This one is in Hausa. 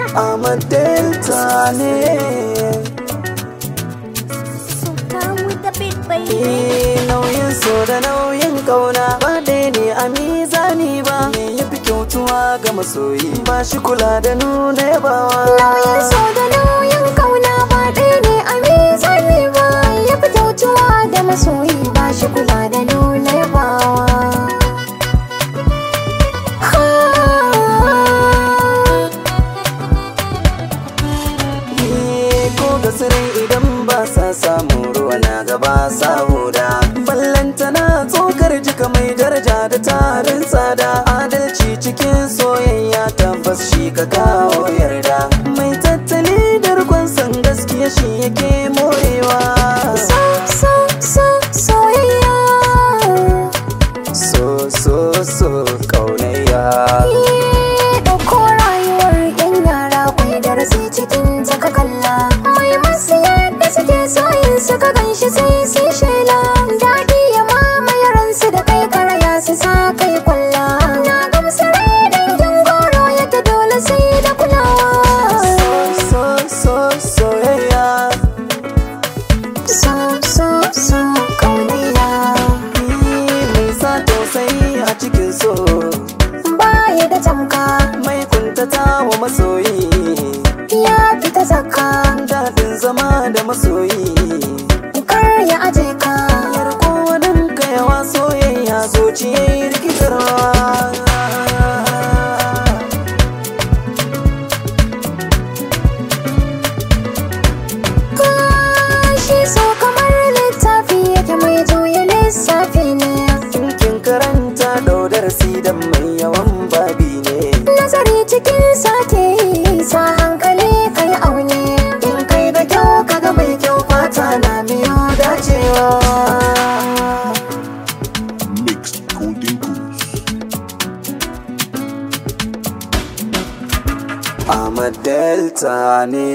I'm Delta ne eh, nauyin so da nauyin kauna ba dai ne a mizani ba me yafi kyautuwa ga masoyi ba shi kula da nuna yabawa wasu idan ba sa samu ruwa na gaba sa huda ballanta na tsokar jika mai daraja da tarin tsada adalci cikin soyayya tabbas shi ka kawo yarda mai tattali da san gaskiya shi yake morewa so so so soyayya so so so shi sai sai shela daɗi ya mamaye ransu da kai karaya su sa kai kwalla na gamsar dangin goro yake dole sai da kulawa so so soyayya so so so kauniya mai sa tausayi a cikin so baya da tamka mai kuntata wa masoyi ya fita zakka daɗin zama da masoyi ya aje ka yarko wadin ka rikitarwa kashi so kamar littafi yake mai juya lissafi ne kinkin karanta daudar sidan mai yawan babi ne nazari cikin sa Ama delta Delta.